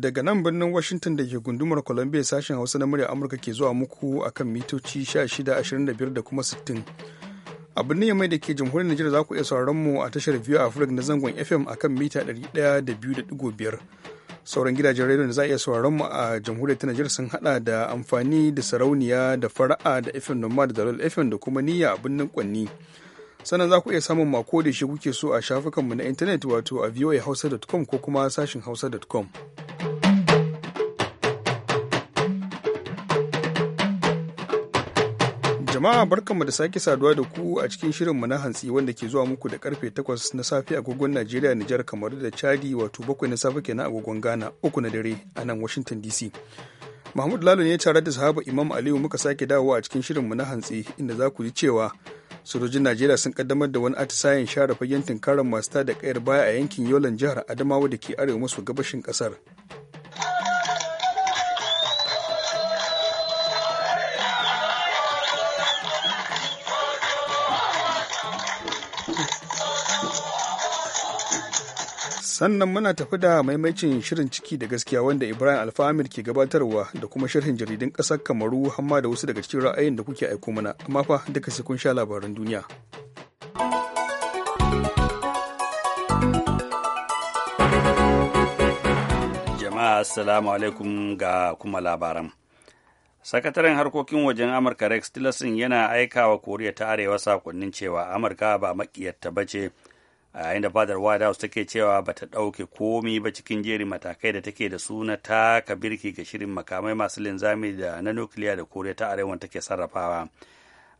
daga nan birnin Washington da ke gundumar Columbia sashen Hausa na murya Amurka ke zuwa muku akan mitoci 1625 da kuma 60. A birnin mai da ke jamhuriyar Najeriya za ku iya sauraron mu a tashar View Africa na zangon FM akan mita 102.5. Sauran gidajen rediyo da za a iya sauraron mu a jamhuriyar ta Najeriya sun hada da amfani da sarauniya da fara'a da FM Noma da Dalol FM da kuma niyya a birnin Kwanni. sannan za ku iya samun mako da shi kuke so a shafukanmu na intanet wato a voahausa.com ko kuma sashin hausa.com. Jama'a barkanmu da sake saduwa da ku a cikin shirinmu na hantsi wanda ke zuwa muku da karfe 8 na safe agogon Najeriya, Nijar, kamar da Chadi wato bakwai na safe kenan agogon Ghana, uku na dare a nan Washington DC. Mahmud Lalo ne tare da sahaba Imam Aliyu muka sake dawowa a cikin shirinmu na hantsi inda za ku ji cewa sojojin Najeriya sun kaddamar da wani atisayen share fagen tunkarar masu da kayar baya a yankin Yolan jihar Adamawa da ke arewa maso gabashin kasar. sannan muna tafi da maimacin shirin ciki da gaskiya wanda ibrahim alfahamid ke gabatarwa da kuma sharhin jaridun ƙasar kamaru hamma da wasu daga cikin ra'ayin da kuke aiko mana amma fa duka sai kun sha labaran duniya jama'a assalamu alaikum ga kuma labaran sakataren harkokin wajen amurka rex tillerson yana aika wa koriya ta arewa sakonnin cewa amurka ba makiyarta ba ce a yayin da fadar white house take cewa ba ta ɗauke komi ba cikin jerin matakai da take da suna taka birki ga shirin makamai masu linzami da na nukiliya da koriya ta arewa take sarrafawa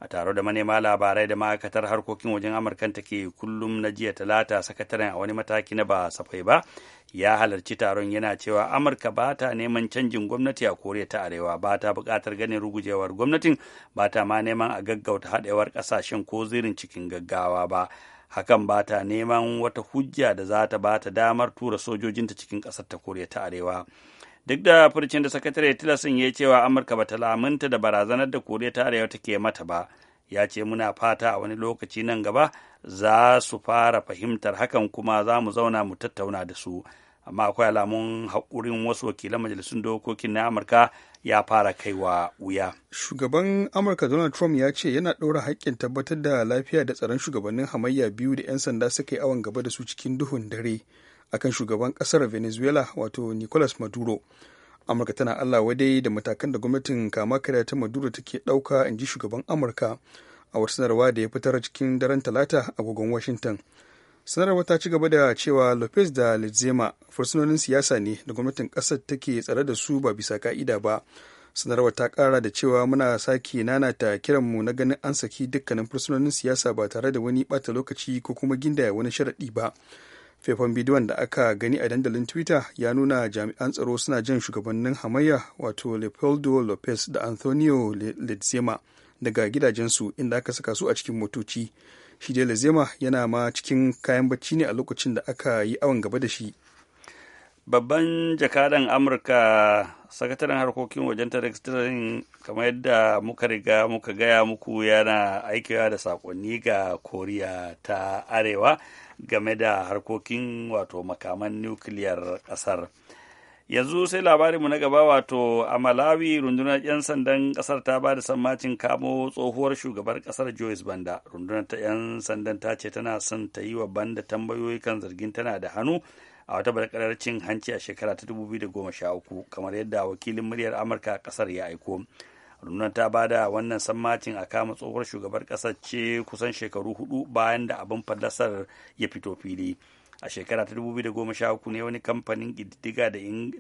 a taro da manema labarai da ma'aikatar harkokin wajen amurkan take kullum na jiya talata sakataren a wani mataki na ba safai ba ya halarci taron yana cewa amurka ba ta neman canjin gwamnati a koriya ta arewa ba ta buƙatar ganin rugujewar gwamnatin ba ta ma neman a gaggauta haɗewar ƙasashen ko zirin cikin gaggawa ba hakan ba ta neman wata hujja da za ta ba ta damar tura sojojinta cikin ƙasar ta koriya ta arewa duk da furcin da sakatare tilasin ya cewa amurka ba ta lamunta da barazanar da koriya ta arewa take mata ba ya ce muna fata a wani lokaci nan gaba za su fara fahimtar hakan kuma za mu zauna mu tattauna da su amma akwai alamun haƙurin wasu wakilan majalisun dokokin na amurka ya fara kaiwa wuya shugaban amurka donald trump ya ce yana ɗora haƙƙin tabbatar da lafiya da tsaron shugabannin hamayya biyu da 'yan sanda suka yi awon gaba da su cikin duhun dare akan shugaban ƙasar venezuela wato nicolas maduro amurka tana allah wadai da matakan da gwamnatin kama karya ta maduro take ɗauka in ji shugaban amurka a wasu sanarwa da ya fitar cikin daren talata a gogon washington sanarwa ta ci gaba da cewa lopez da lezema fursunonin siyasa ne da gwamnatin kasar take tsare da su ba bisa ka'ida ba sanarwa ta kara da cewa muna sake nanata kiranmu na ganin an saki dukkanin fursunonin siyasa ba tare da wani bata lokaci ko kuma gindaya wani sharaɗi ba faifan bidiyon da aka gani a dandalin twitter ya nuna jami'an tsaro suna jan shugabannin hamayya wato leopoldo lopez da antonio lezema daga gidajensu inda aka saka su a cikin motoci shi dai lazima yana ma cikin kayan bacci ne a lokacin da aka yi awon gaba da shi babban jakadan amurka sakataren harkokin wajen tarex kamar yadda muka riga muka gaya muku yana aikiwa da sakonni ga koriya ta arewa game da harkokin wato makaman nukiliyar kasar yanzu sai labarinmu na gaba wato a malawi rundunar 'yan sandan kasar ta ba da sammacin kamo tsohuwar shugabar kasar joyce banda rundunar ta 'yan sandan ta ce tana son ta yi wa banda tambayoyi kan zargin tana da hannu a wata barkarar cin hanci a shekara ta 2013 kamar yadda wakilin muryar amurka kasar ya aiko rundunar ta ba da wannan sammacin a kama tsohuwar shugabar kasar ce kusan shekaru hudu bayan da abin fallasar ya fito fili. a shekara ta uku ne wani kamfanin ƙididdiga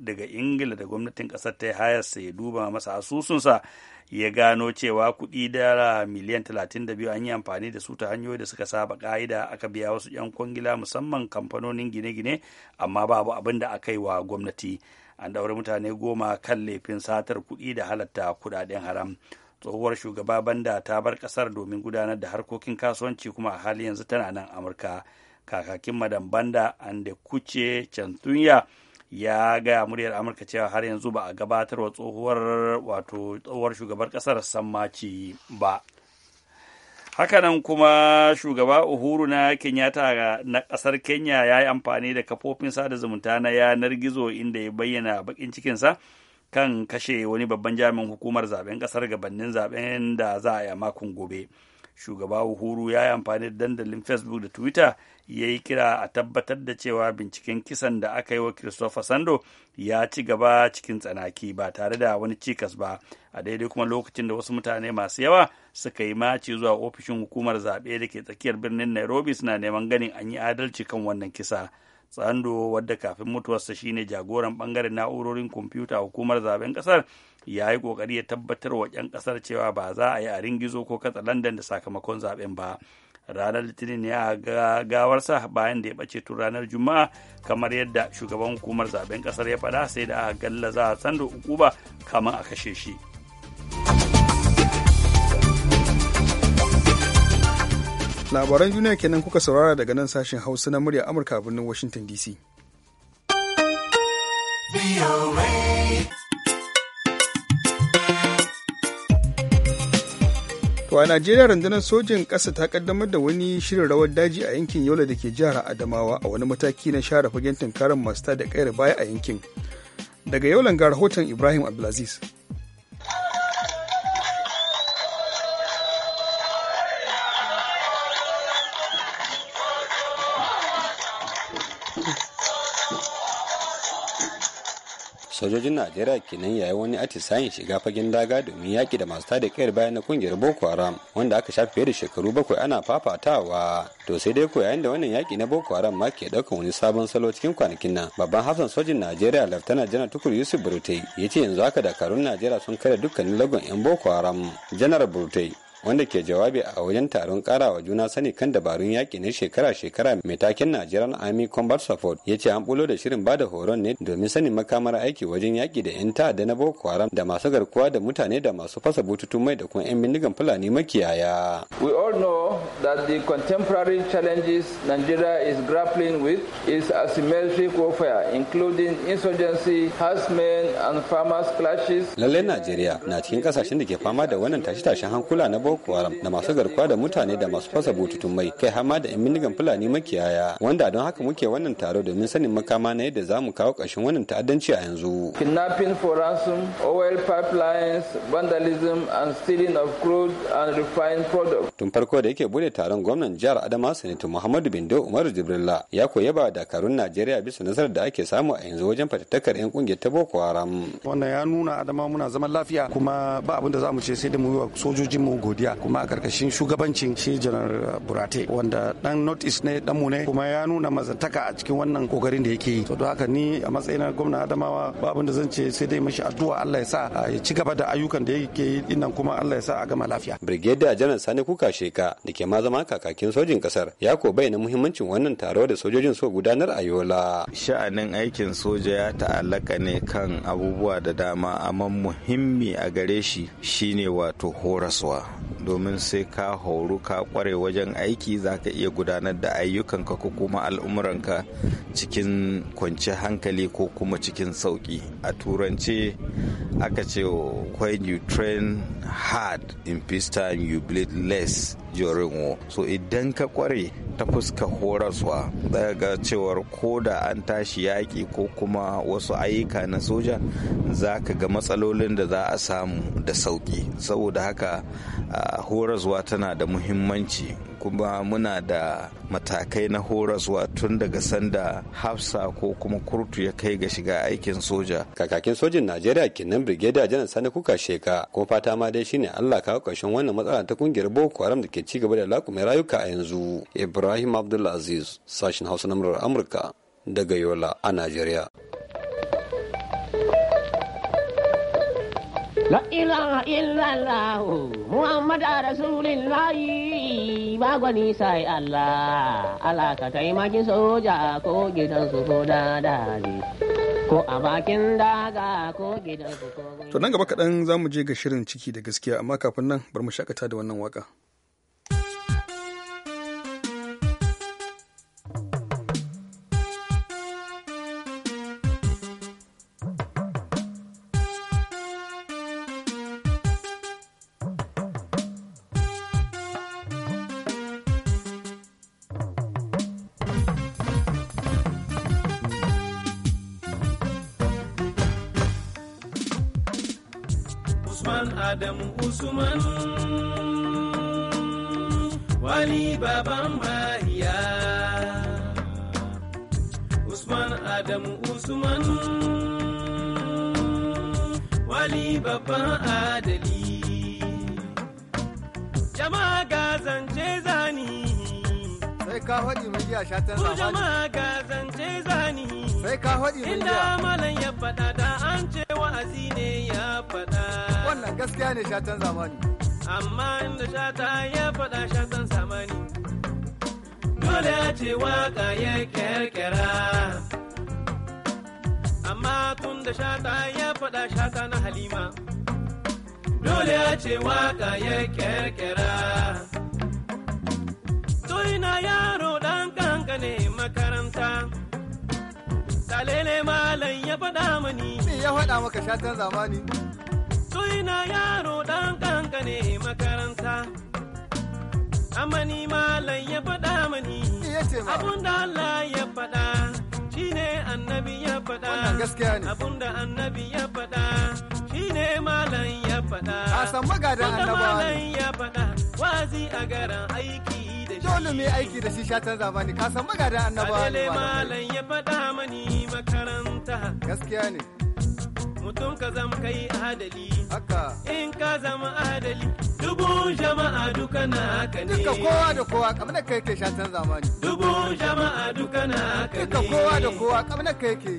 daga ingila da gwamnatin ƙasar ta sa ya duba masa asusunsa ya gano cewa kuɗi dala miliyan talatin da biyu an yi amfani da su ta hanyoyi da suka saba ƙa'ida aka biya wasu 'yan kwangila musamman kamfanonin gine-gine amma babu abin da aka yi wa gwamnati an ɗaure mutane goma kan laifin satar kuɗi da halatta kuɗaɗen haram tsohuwar shugaba banda ta bar ƙasar domin gudanar da harkokin kasuwanci kuma a hali yanzu tana nan amurka kakakin madan banda ande kuce cantunya ya gaya muryar amurka cewa har yanzu ba a gabatar wa tsohuwar wato tsohuwar shugabar kasar sammaci ba hakanan kuma shugaba uhuru na kenyatta na kasar kenya ya yi amfani da kafofin sada zumunta na yanar gizo inda ya bayyana bakin cikinsa kan kashe wani babban jami'in hukumar zaben kasar gabanin zaben da za a yi makon gobe shugaba uhuru ya yi amfani da dandalin facebook da twitter ya yi kira a tabbatar da cewa binciken kisan da aka yi wa christopher sando ya ci gaba cikin tsanaki ba tare da wani cikas ba a daidai kuma lokacin da wasu mutane masu yawa suka yi maci zuwa ofishin hukumar zaɓe da ke tsakiyar birnin nairobi suna neman ganin an yi adalci kan wannan kisa tsando wadda kafin mutuwarsa shine jagoran bangaren na'urorin kwamfuta hukumar zaben kasar ya yi kokari ya tabbatar wa 'yan kasar cewa ba za a yi a ringizo ko katsa landan da sakamakon zaben ba ranar litinin ya ga gawarsa bayan da ya bace tun ranar juma'a kamar yadda shugaban hukumar zaben kasar ya faɗa sai da aka gallaza sando ba kamar a kashe shi labaran duniya kenan kuka saurara daga nan sashen hausa na murya amurka a birnin washington dc To a Najeriya rundunar sojin ƙasa ta kaddamar da wani shirin rawar daji a yankin Yola da ke jihar Adamawa a wani mataki na share fagen tunkarar masu da kayar baya a yankin. Daga Yolan ga rahoton Ibrahim Abdulaziz. sojojin najeriya kenan yayi wani atisayin shiga fagen daga domin yaki da masu tada kayar bayan na kungiyar boko haram wanda aka shafe fiye da shekaru bakwai ana fafatawa to sai dai ko yayin da wannan yaki na boko haram ma ke ɗaukan wani sabon salo cikin kwanakin nan babban hafsan sojin najeriya laftana janar tukur yusuf burtai ya ce yanzu haka dakarun najeriya sun kare dukkanin lagon yan boko haram janar burtai wanda ke jawabi a wajen taron karawa juna sani kan dabarun yaƙi na shekara-shekara mai taken Nigerian Army Combat Support ya ce an bulo da shirin bada horon ne domin sanin makamar aiki wajen yaƙi da 'yan ta'adda na Boko Haram da masu garkuwa da mutane da masu fasa bututun mai da kuma 'yan bindigan Fulani makiyaya. We all know that the contemporary challenges Nigeria is grappling with is asymmetric warfare including insurgency, herdsmen and farmers clashes. Lallai Najeriya na cikin kasashen da ke fama da wannan tashe-tashen hankula na boko haram da masu garkuwa da mutane da masu fasa bututun mai kai hama da yan bindigan fulani makiyaya wanda don haka muke wannan taro domin sanin makama na yadda zamu kawo ƙarshen wannan ta'addanci a yanzu kidnapping for ransom oil pipelines vandalism and stealing of crude and refined products tun farko da yake bude taron gwamnan jihar adama sanatu muhammadu bindo umaru jibrilla ya koya ba dakarun najeriya bisa nasarar da ake samu a yanzu wajen fatattakar yan kungiyar ta boko haram wannan ya nuna adama muna zaman lafiya kuma ba abin da za mu ce sai da mu yi wa sojojin mu godiya kuma a karkashin shugabancin shi janar burate wanda dan north east ne danmu ne kuma ya nuna mazantaka a cikin wannan kokarin da yake yi to don haka ni a matsayin gwamna adamawa babu da zan ce sai dai mashi addu'a Allah ya sa ya ci gaba da ayyukan da yake yi dinnan kuma Allah ya sa a gama lafiya brigadier janar sani kuka sheka da ke ma zama kakakin sojin kasar ya ko bayyana muhimmancin wannan taro da sojojin so gudanar a yola sha'anin aikin soja ya ta'allaka ne kan abubuwa da dama amma muhimmi a gare shi shine wato horaswa domin sai ka horu ka kware wajen aiki za ka iya gudanar da ayyukanka ko kuma al'umuranka cikin kwanci hankali ko kuma cikin sauƙi a turance aka ce when you train hard in peace time you bleed less during war so idan ka kware ta fuska horaswa daga ga cewar ko da an tashi yaƙi ko kuma wasu ayyuka na soja za ka ga matsalolin da za a samu da sauƙi saboda haka horaswa tana da muhimmanci kuma muna da matakai na horaswa tun daga sanda hafsa ko kuma kurtu ya kai ga shiga aikin soja kakakin sojin najeriya kenan brigadier janar sani kuka sheka ko fata ma dai shine allah kawo ƙarshen wannan matsala ta kungiyar boko haram da ke ci gaba da lakumai rayuka a yanzu ibrahim abdulaziz sashen hausa na amurka daga yola a najeriya La ilaha illallah Muhammad Rasulullah ba gwani sai Allah Allah ka taimakin soja ko gidan su ko dadali ko a bakin daga ko gidan su ko To nan gaba kaɗan za mu je ga shirin ciki da gaskiya amma kafin nan bar mu shakata da wannan waka. Usman Adamu Usman wali babban adali. Jama'a ga zance zani. Sai ka faɗi mai a shatan zamani. Jama'a ga zance zani. Sai ka mu mai Inda malan ya faɗa da an ce wa'azi ne ya faɗa. Wannan gaskiya ne shatan zamani. Amma inda shata ya faɗa shatan zamani. dole ce waka ya kyarkyara amma tun da shata ya faɗa shata na halima dole ya ce waka ya kyarkyara na yaro ɗan kankane makaranta talele malam ya faɗa mani me ya faɗa maka shatan zamani na yaro ɗan kankane makaranta amma ni malam abunda Allah ya faɗa shi ne annabi ya faɗa gaskiya ne abunda annabi ya faɗa Shi ne malam ya faɗa a san magadan annabawa malam ya faɗa wazi a garan aiki dole mu aiki da shi shatan zamani ka san magadan annabawa ne malam ya faɗa mani makaranta gaskiya ne mutum ka zama kai adali haka in ka zama adali dubu jama'a duka na haka ne duka kowa da kowa kamar da kai ke shatan zamani dubu jama'a duka na haka ne duka kowa da kowa kamar da kai ke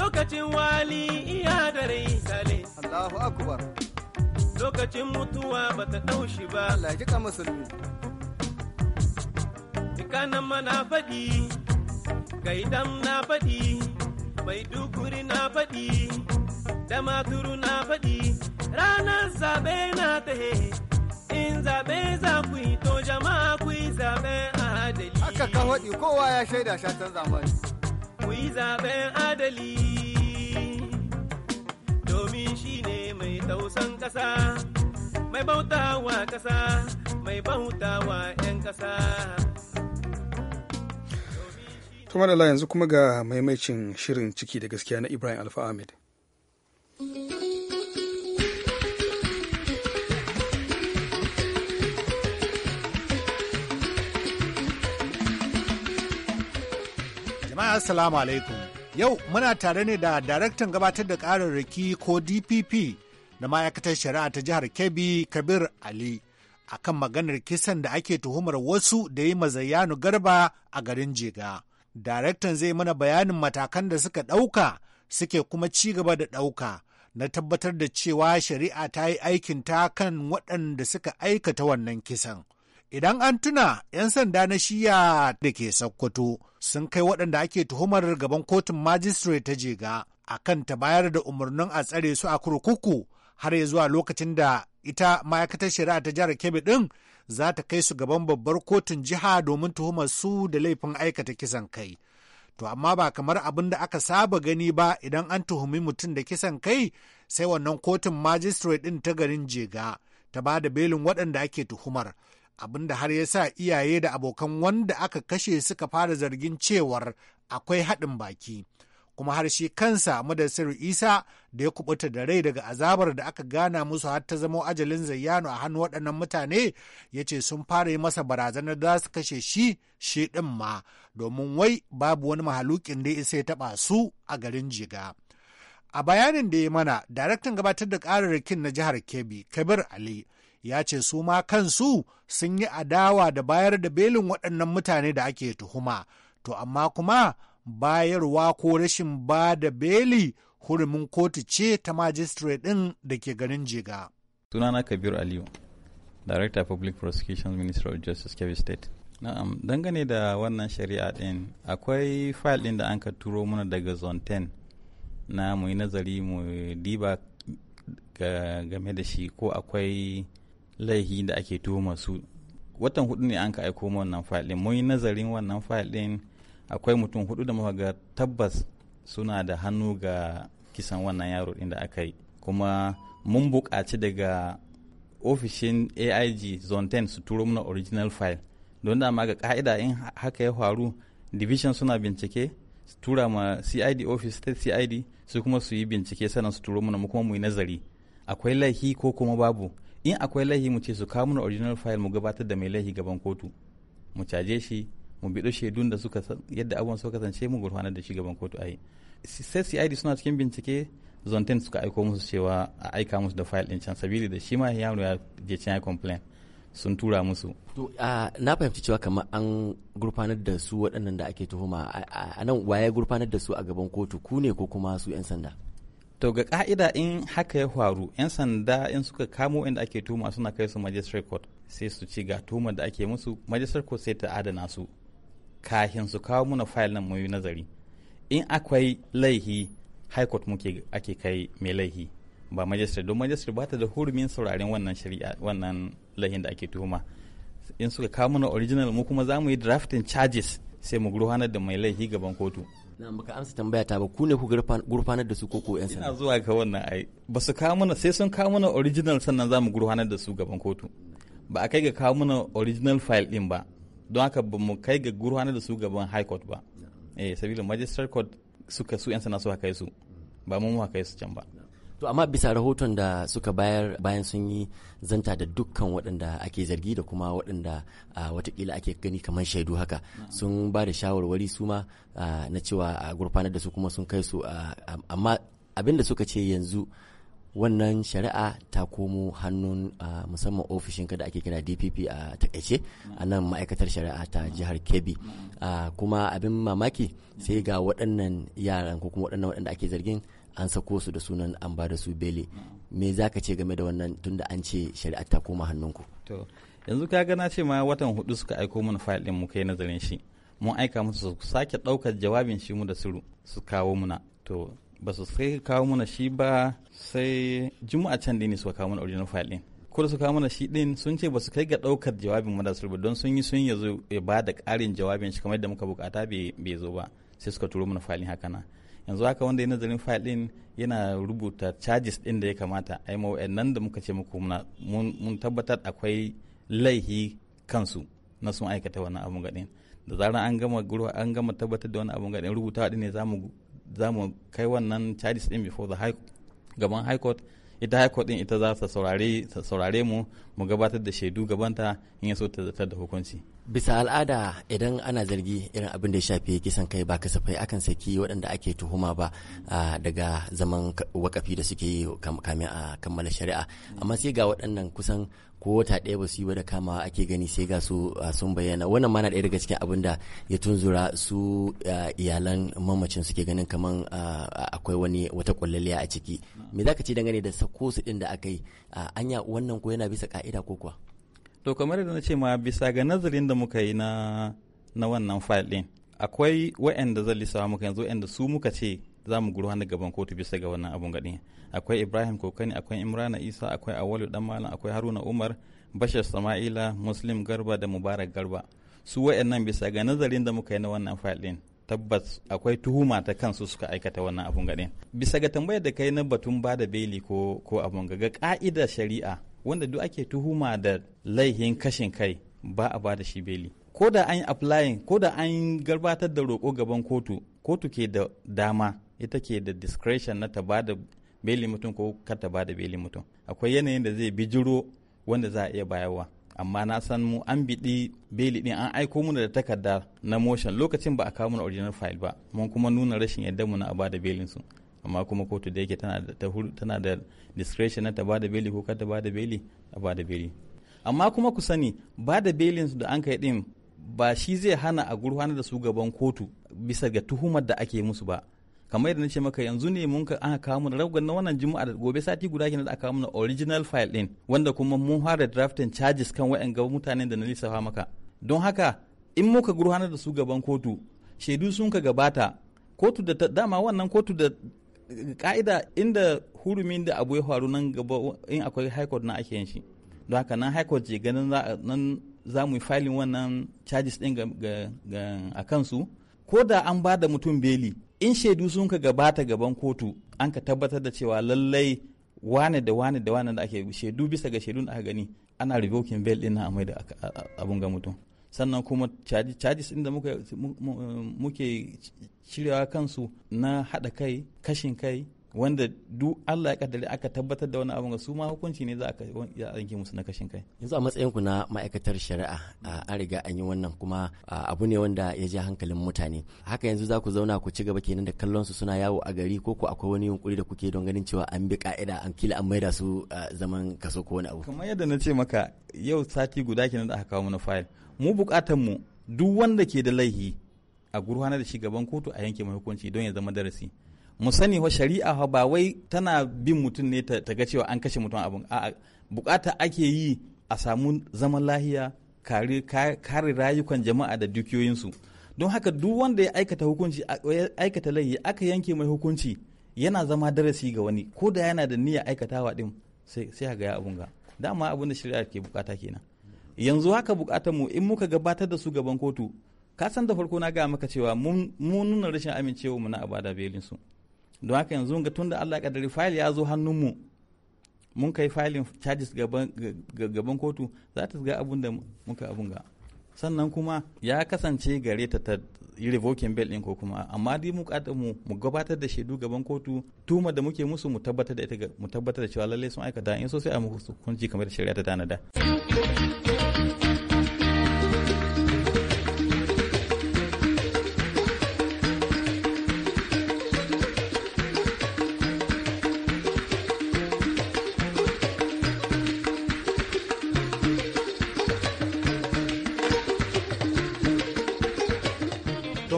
lokacin wali iya da rai sale Allahu akbar lokacin mutuwa bata taushi ba Allah ka musulmi kanan mana faɗi gaidan na faɗi mai duguri na faɗi da na faɗi ranar zaɓe na tahe in zaɓe za ku yi to jama'a ku yi adali. Haka ka faɗi kowa ya shaida shatan zamani. Ku yi adali domin shi ne mai tausan ƙasa mai bautawa ƙasa mai bautawa 'yan ƙasa. Tumar da yanzu kuma ga maimacin shirin ciki da gaskiya na Ibrahim Alfa Ahmed. assalamu alaikum yau muna tare ne da daraktan gabatar da ƙararraki ko dpp na ma'aikatar shari'a ta jihar kebbi kabir ali a kan maganar kisan da ake tuhumar wasu da yi mazayyanu garba a garin jega daraktan zai mana bayanin matakan da suka ɗauka suke kuma ci gaba da ɗauka na tabbatar da cewa shari'a ta yi aikin ta kan waɗanda suka aikata wannan kisan. Idan an tuna 'yan sanda na shiya da ke Sokoto sun kai waɗanda ake tuhumar gaban kotun majistare ta jega a kan ta bayar da umarnin a tsare su a kurkuku har ya zuwa lokacin da ita ma'aikatar shari'a ta jihar Kebbi ɗin za ta kai su gaban babbar kotun jiha domin tuhumar su da laifin aikata kisan kai. To amma ba kamar abin da aka saba gani ba idan an tuhumi mutum da kisan kai sai wannan kotun magistrate ɗin ta garin jega ta ba da belin waɗanda ake tuhumar abinda har ya sa iyaye da abokan wanda aka kashe suka fara zargin cewar akwai haɗin baki kuma har shi kansa sirri isa da ya kubuta da rai daga azabar da aka gana musu har ta zamo ajalin zayyano a hannu waɗannan mutane ya ce sun fara yi masa barazanar da su kashe shi shi ɗin ma domin wai babu wani mahalukin da isa ya taɓa su a garin jiga a bayanin da ya mana daraktan gabatar da ƙararrakin na jihar kebbi kabir ali ya ce su ma kansu sun yi adawa da bayar da belin waɗannan mutane da ake tuhuma to amma kuma bayarwa ko rashin ba da beli hurumin kotu ce ta magistrate ɗin da ke garin jiga. sunana kabir aliyu director public prosecutions minister of justice kebbi state na'am dangane da wannan shari'a ɗin akwai fayil ɗin da an ka turo mana daga zone 10 na mu yi nazari mu diba game da shi ko akwai laihi da ake tuhumar su watan hudu ne an ka aiko wannan fayil din mun yi nazarin wannan fayil din akwai mutum hudu da muka ga tabbas suna da hannu ga kisan wannan yaro din da aka yi kuma mun buƙaci daga ofishin aig zone 10 su turo mana original file don dama ga ka'ida in haka ya faru division suna bincike su tura ma cid office state cid su kuma su yi bincike sannan su turo mana mu kuma mu yi nazari akwai laifi ko kuma babu in akwai laihi mu ce su kawo mana original file mu gabatar da mai laihi gaban kotu mu caje shi mu biɗo shaidun da suka yadda abubuwan suka kasance mu gurfanar da shi gaban kotu ayi sai cid suna cikin bincike zonten suka aiko musu cewa a aika musu da file din can sabili da shi ma ya je can ya complain sun tura musu to na fahimci cewa kamar an gurfanar da su waɗannan da ake tuhuma a nan waye gurfanar da su a gaban kotu ku ne ko kuma su 'yan sanda to ga ka'ida in haka ya faru 'yan sanda in suka kamo inda ake tuma suna kai su magistrate court sai su ci ga tuma da ake musu magistrate court sai ta adana su kafin su kawo muna fayil nan yi nazari in akwai laihi high court muke ake kai mai laihi ba magistrate don magistrate ba ta da hurumin sauraren wannan shari'a wannan laihin da ake tuma. in suka kawo muna original mu kuma za mu yi drafting charges sai mu gurfanar da mai laihi gaban kotu na baka amsa tambaya ta ba ku ne ku gurfanar da su ko ko yan sanda ina zuwa ga wannan ai ba su kawo mana sai sun kawo mana original sannan za mu gurfanar da su gaban kotu ba a kai ga kawo mana original file din ba don haka ba mu kai ga gurfanar da su gaban high court ba eh sabila magistrate court suka su yan sanda suka kai su ba mu mu kai su can ba To amma bisa rahoton da suka bayar bayan sun yi zanta da dukkan waɗanda ake zargi da kuma waɗanda ah, watakila ake gani kamar shaidu haka sun ba da shawarwari su ma ah, na cewa a gurfanar da su kuma sun kai su ah, amma abin da suka ce yanzu wannan shari'a ta komo hannun musamman ofishin da ake kira dpp a takaice a nan ma'aikatar shari'a ta jihar kebbi kuma abin mamaki sai ga waɗannan yaran ko kuma waɗannan waɗanda ake zargin an sako su da sunan an ba da su bele me za ka ce game da wannan tunda an ce shari'a ta koma hannunku to yanzu ka gana ce ma watan hudu suka aiko mana fayil din mu kai nazarin shi mun aika musu su sake daukar jawabin shi mu da suru su kawo muna to ba su sai kawo muna shi ba sai juma'a can ne suka kawo mana original fayil din ko su kawo mana shi din sun ce ba su kai ga daukar jawabin mu da suru don sun yi sun yazo ya ba da karin jawabin shi kamar yadda muka bukata bai zo ba sai suka turo mana fayil haka na yanzu haka wanda ya nazarin fayil din yana rubuta charges din da ya kamata a yi nan da muka ce muku mun tabbatar akwai laihi kansu na sun aikata wannan abun gadin da zarar an gama an gama tabbatar da wannan abun gadin rubutawa din ne za mu kai wannan charges din before the high gaban high court ita high court din ita za ta saurare mu mu gabatar da shaidu gabanta in ya so ta zartar da hukunci bisa al'ada idan ana zargi irin abin da ya shafi kisan kai ba kasafai akan saki waɗanda ake tuhuma ba daga zaman wakafi da suke yi kamin a kammala shari'a amma sai ga waɗannan kusan ko wata ɗaya ba su yi ba da kama ake gani sai ga su sun bayyana wannan mana ɗaya daga cikin abin da ya tunzura su iyalan mamacin suke ganin kamar akwai wani wata kullaliya a ciki me zaka ce dangane da sako ɗin da aka yi anya wannan ko yana bisa ka'ida ko kuwa to kamar da na ce ma bisa ga nazarin da muka yi na wannan fayil din akwai wa'anda zan lissawa muka yanzu wa'anda su muka ce za mu hannu gaban kotu bisa ga wannan abun gaɗi akwai ibrahim kokani akwai imrana isa akwai awalu dan malam akwai haruna umar bashar sama'ila muslim garba da mubarak garba su wa'annan bisa ga nazarin da muka yi na wannan fayil din tabbas akwai tuhuma ta kansu suka aikata wannan abun gaɗin bisa ga tambayar da kai na batun ba da beli ko ko abun ga ka'idar shari'a wanda duk ake tuhuma da laihin kashin kai ba a ba da shi beli ko da an yi applying ko da an garbatar da roƙo gaban kotu kotu ke da dama ita ke da discretion na ta ba da beli mutum ko kar ta ba da beli mutum akwai yanayin da zai bijiro wanda za a iya bayarwa amma na san mu an biɗi beli ɗin an aiko mu da takarda na motion lokacin ba a kawo mana original file ba mun kuma nuna rashin yadda mu na a bada belin su amma kuma kotu da yake tana da discretion na ta bada beli ko kada bada beli a bada beli amma kuma ku sani bada belin su da an kai din ba shi zai hana a gurfanar da su gaban kotu bisa ga tuhumar da ake musu ba kamar yadda na ce maka yanzu ne mun ka aka kawo mana raugan na wannan juma'a da gobe sati guda kenan da aka kawo mana original file din wanda kuma mun fara drafting charges kan waɗanga mutanen da na lissafa maka don haka in muka gurhana da su gaban kotu shaidu sun ka gabata kotu da dama wannan kotu da ka'ida inda hurumin da abu ya faru nan gaba in akwai high court na ake yin shi don haka nan high court je ganin nan za mu yi wannan charges din a kansu ko da an ba da mutum beli in shaidu sun ka gabata gaban kotu an ka tabbatar da cewa lallai wane da wane da wane da ake shaidu bisa ga shaidun aka gani ana revoking bail din amai da abun ga mutum sannan kuma cajis din da muke shiryawa kansu na haɗa kai kashin kai wanda duk Allah ya kaddare aka tabbatar da wani abu ga su ma hukunci ne za a yanke musu na kashin kai yanzu a matsayin ku na ma'aikatar shari'a an riga an yi wannan kuma abu ne wanda ya je hankalin mutane haka yanzu za ku zauna ku ci gaba kenan da kallon su suna yawo a gari ko ku akwai wani yunkuri da kuke don ganin cewa an bi ka'ida an kila an maida su zaman kaso ko wani abu kamar yadda na ce maka yau sati guda kenan da aka kawo mana fayil mu bukatan mu duk wanda ke da laifi a gurhana da shi gaban kotu a yanke mai hukunci don ya zama darasi mu sani wa shari'a ba wai tana bin mutum ne ta ga cewa an kashe mutum abin a'a bukata ake yi a samu zaman lahiya kare rayukan jama'a da dukiyoyinsu don haka duk wanda ya aikata hukunci aikata laifi aka yanke mai hukunci yana zama darasi ga wani ko da yana da niyya aikatawa din sai sai ga abun ga dama abun da shari'a ke bukata kenan yanzu haka bukatar mu in muka gabatar da su gaban kotu ka san da farko na ga maka cewa mun nuna rashin amincewa mu na abada belin su don haka yanzu ga tunda Allah ya kaddari fayil ya zo hannunmu mun kai filin charges gaban kotu za ta ga abun da muka abun ga sannan kuma ya kasance gare ta ta revoking bail din ko kuma amma dai mu mu mu gabatar da shaidu gaban kotu tuma da muke musu mu tabbatar da ita mu tabbatar da cewa lalle sun aikata in so sai a muku hukunci kamar shari'a ta tanada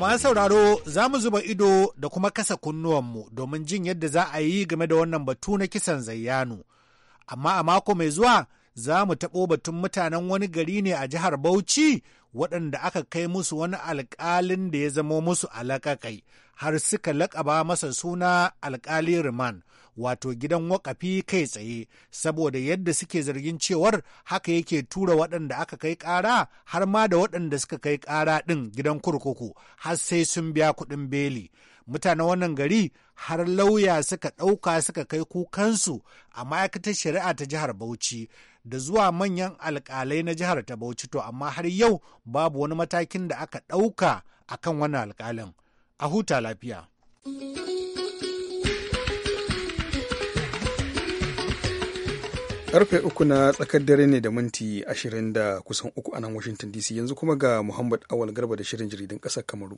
ma sauraro za mu zuba ido da kuma kasa kunnuwanmu domin jin yadda za a yi game da wannan batu na kisan zayyanu. Amma a mako mai zuwa za mu taɓo batun mutanen wani gari ne a jihar Bauchi waɗanda aka kai musu wani alƙalin da ya zamo musu alaƙaƙai har suka laƙaba masa suna alƙali Riman. wato gidan wakafi kai tsaye saboda yadda suke zargin cewar haka yake tura waɗanda aka kai ƙara har ma da waɗanda suka kai ƙara ɗin gidan kurkuku har sai sun biya kuɗin beli. mutanen wannan gari har lauya suka ɗauka suka kai kukansu a ma'aikatar shari'a ta jihar Bauchi da zuwa manyan alƙalai na jihar ta Bauchi to amma har yau babu wani matakin da aka ɗauka akan wannan alƙalin. A huta lafiya. karfe uku na tsakar dare ne da minti ashirin da kusan uku a nan washington dc yanzu kuma ga muhammad awal garba da shirin jaridun kasar kamaru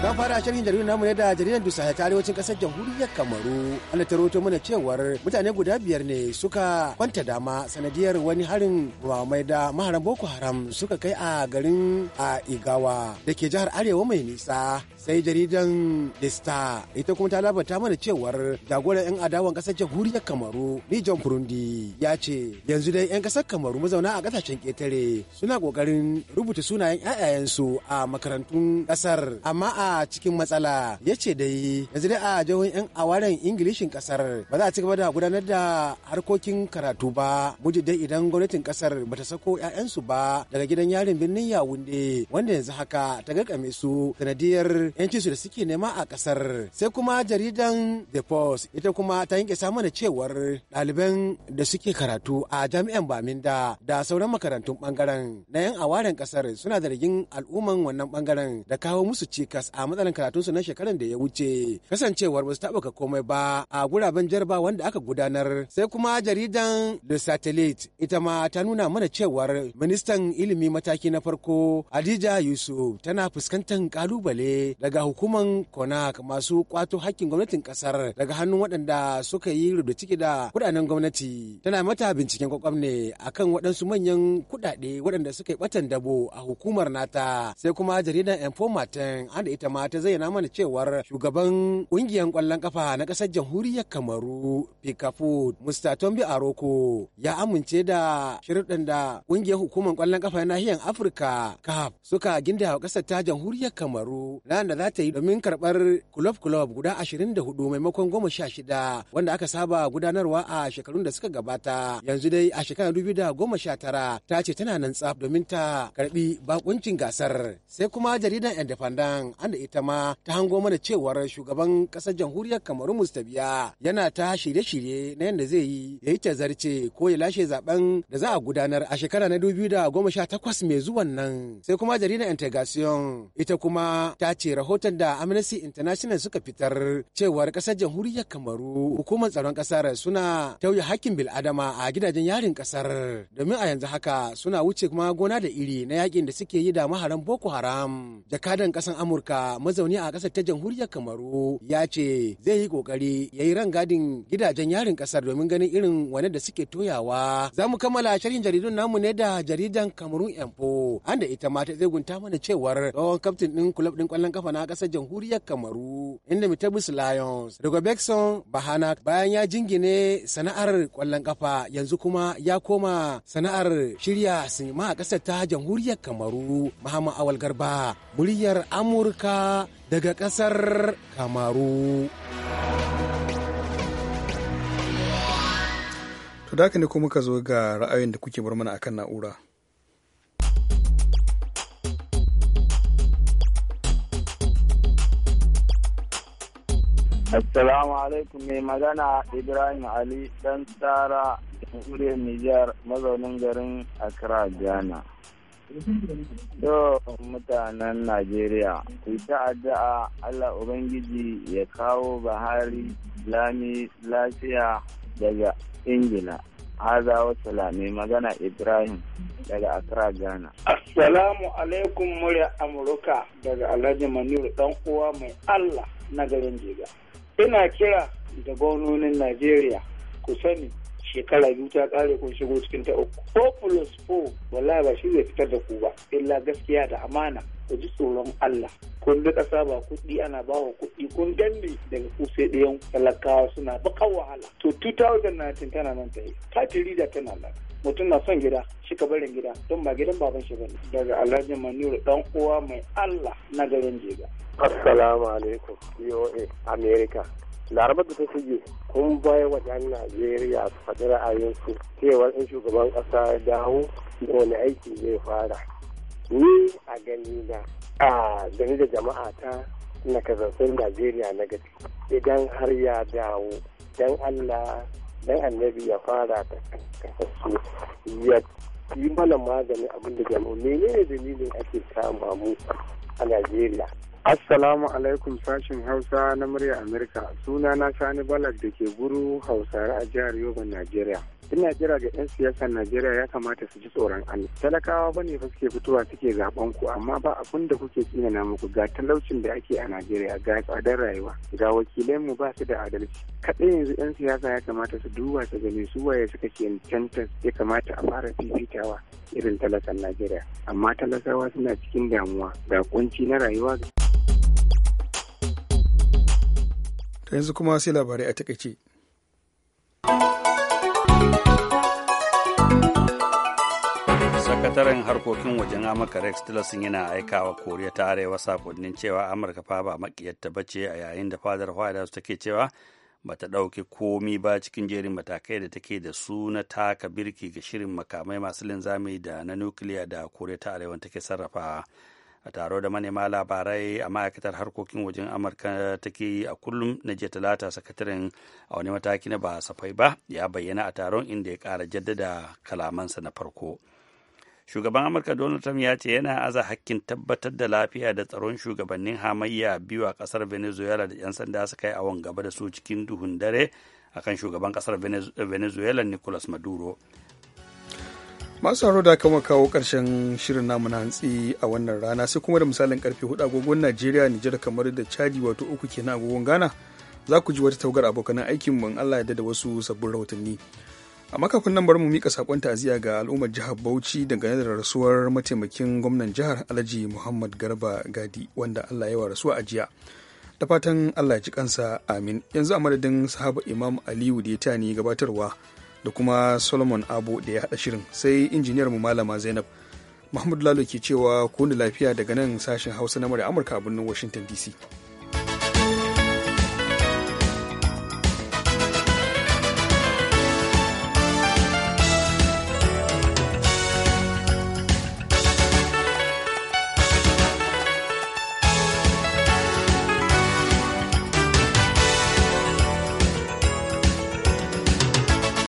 don fara shirin jaridar namu ne da jaridar dusa ta arewacin kasar jamhuriyar kamaru ana ta rahoto mana cewar mutane guda biyar ne suka kwanta dama sanadiyar wani harin mai da maharan boko haram suka kai a garin a igawa da ke jihar arewa mai nisa sai jaridan The Star ita kuma ta labarta mana cewar jagoran 'yan adawan kasar jamhuriyar Kamaru Bijan Burundi ya ce yanzu dai 'yan kasar Kamaru mazauna a kasashen ketare suna ƙoƙarin rubuta sunayen 'ya'yayensu a makarantun kasar amma a cikin matsala ya ce dai yanzu dai a jihohin 'yan awaren Ingilishin kasar ba za a ci gaba da gudanar da harkokin karatu ba muji dai idan gwamnatin kasar ta sako 'ya'yansu ba daga gidan yarin birnin Yawunde wanda yanzu haka ta gagame su sanadiyar yancinsu da suke nema a kasar sai kuma jaridan the post ita kuma ta yanke samun da cewar ɗaliban da suke karatu a jami'an baminda da sauran makarantun bangaren na yan awaren kasar suna zargin al'umman wannan bangaren da kawo musu cikas a matsalan karatunsu na shekaran da ya wuce kasancewar ba su taɓuka komai ba a guraben jarba wanda aka gudanar sai kuma jaridan the satellite ita ma ta nuna mana cewar ministan ilimi mataki na farko Adija Yusuf tana fuskantar kalubale daga hukuman konak masu kwato hakkin gwamnatin kasar daga hannun waɗanda suka yi rubuta ciki da kudaden gwamnati tana mata binciken kwakwam ne akan waɗansu manyan kudade waɗanda suka yi batan dabo a hukumar nata sai kuma jaridar informatin an da ita ma ta zayyana mana cewar shugaban ƙungiyar kwallon kafa na ƙasar jamhuriyar kamaru pikafood musta tombi aroko ya amince da shirɗin da ƙungiyar hukumar ƙwallon kafa na nahiyar afirka kaf suka ginda wa ƙasar ta jamhuriyar kamaru da za ta yi domin karɓar kulob-kulob guda 24 maimakon 16 wanda aka saba gudanarwa a shekarun da suka gabata. Yanzu dai a shekarar 2019 ta ce tana nan tsaf domin ta karɓi bakuncin gasar. Sai kuma jaridar Independent da ita ma ta hango mana cewar shugaban ƙasar jamhuriyar Kamaru Mustabiya yana ta shirye-shirye na yadda zai yi ya yi tazarce ko ya lashe zaben da za a gudanar a shekara na 2018 mai zuwan nan. Sai kuma jaridar Integration ita kuma ta ce rahoton da amnesty international suka fitar cewar kasar jamhuriyar kamaru hukumar tsaron kasar suna tauye hakkin bil'adama a gidajen yarin kasar domin a yanzu haka suna wuce kuma gona da iri na yakin da suke yi da maharan boko haram jakadan kasan amurka mazauni a kasar ta jamhuriyar kamaru ya ce zai yi kokari ya yi rangadin gidajen yarin kasar domin ganin irin wane da suke toyawa za mu kammala sharhin jaridun namu ne da jaridan kamarun Empo. an da ita ma ta tsegunta mana cewar tsohon kaftin din kulab din kwallon kafa kafa na ƙasar jamhuriyar Kamaru inda Mitabus Lions Rigobekson Bahana bayan ya jingine sana'ar ƙwallon kafa yanzu kuma ya koma sana'ar shirya sinima a ƙasar ta jamhuriyar Kamaru Muhammad Awal Garba muryar Amurka daga ƙasar Kamaru. To da ne kuma ka zo ga ra'ayin da kuke bar mana a kan na'ura. Assalamu alaikum mai magana Ibrahim Ali dan tsara jamhuriyar Nijar mazaunin garin Accra Ghana. To mutanen Najeriya ku ta addu'a Allah Ubangiji ya kawo bahari lami lafiya daga Ingila. Haza wasu lami magana Ibrahim daga Accra Ghana. Assalamu alaikum murya Amurka daga Alhaji Maniru dan uwa mai Allah na garin Jiga. ina kira da gwamnonin najeriya ku sani shekara biyu ta kare kun shigo cikin ta uku ko plus four wallahi ba shi zai fitar da ku ba illa gaskiya da amana ku ji tsoron Allah kun bi ƙasa ba kuɗi ana ba wa kuɗi kun danne daga ku sai ɗayan talakawa suna baƙa wahala to 2019 tana nan ta yi ta tana nan mutum na son gida shi ka barin gida don ba gidan baban shi bane daga alhaji manuru dan uwa mai allah na garin jega assalamu alaikum voa america laraba da ta shige kun baya wa yan najeriya su faɗi ra'ayinsu kewar in shugaban ƙasa ya dawo da wani aiki zai fara ni a gani na a gani da jama'a ta na kazansun najeriya na gaske idan har ya dawo dan allah dan annabi ya fara ta kasance ya yi mana magani abin da jama'a menene dalilin ake kama mu a Najeriya Assalamu alaikum sashin Hausa na murya Amerika sunana Sani Balad da ke buru Hausare a jihar Yobe Najeriya ina jira ga 'yan siyasar najeriya ya kamata su ji tsoron allah talakawa ba ne fa suke fitowa suke zaben ku amma ba abin da kuke na muku ga talaucin da ake a najeriya ga tsadar rayuwa ga wakilan mu ba su da adalci kaɗai yanzu 'yan siyasa ya kamata su duba su gani su waye suka cantar ya kamata a fara fifitawa irin talakan najeriya amma talakawa suna cikin damuwa ga kunci na rayuwa yanzu kuma sai labarai a takaice sakataren harkokin wajen amurka rex tillerson yana aikawa koriya ta arewa sakonnin cewa amurka fa ba makiyarta ba ce a yayin da fadar white house take cewa ba ta ɗauki komi ba cikin jerin matakai da take da su na taka birki ga shirin makamai masu linzami da na nukiliya da koriya ta arewa take sarrafa a taro da manema labarai a ma'aikatar harkokin wajen amurka take yi a kullum na jiya talata sakataren a wani mataki na ba safai ba ya bayyana a taron inda ya kara jaddada kalamansa na farko. shugaban amurka donald trump ya ce yana aza hakkin tabbatar da lafiya da tsaron shugabannin hamayya biyu a kasar venezuela da 'yan sanda suka yi awon gaba da su cikin duhun dare akan shugaban kasar venezuela nicolas maduro masu haro da kama kawo karshen shirin namu na hantsi a wannan rana sai kuma da misalin karfe hudu agogon najeriya nijar kamar da chadi wato uku kenan agogon ghana za ku ji wata taugar abokanan aikin mun allah ya da wasu sabbin rahotanni a makafin nan bari mu mika sakon ta'aziyya ga al'ummar jihar Bauchi dangane da rasuwar mataimakin gwamnan jihar Alhaji Muhammad Garba Gadi wanda Allah ya wa rasuwa a jiya. Da fatan Allah ya ji kansa amin. Yanzu a madadin sahaba Imam Aliyu da ya tani gabatarwa da kuma Solomon abu da ya haɗa shirin sai injiniyar mu Malama Zainab. Muhammadu Lalo ke cewa ku lafiya daga nan sashen Hausa na Amurka a birnin Washington DC.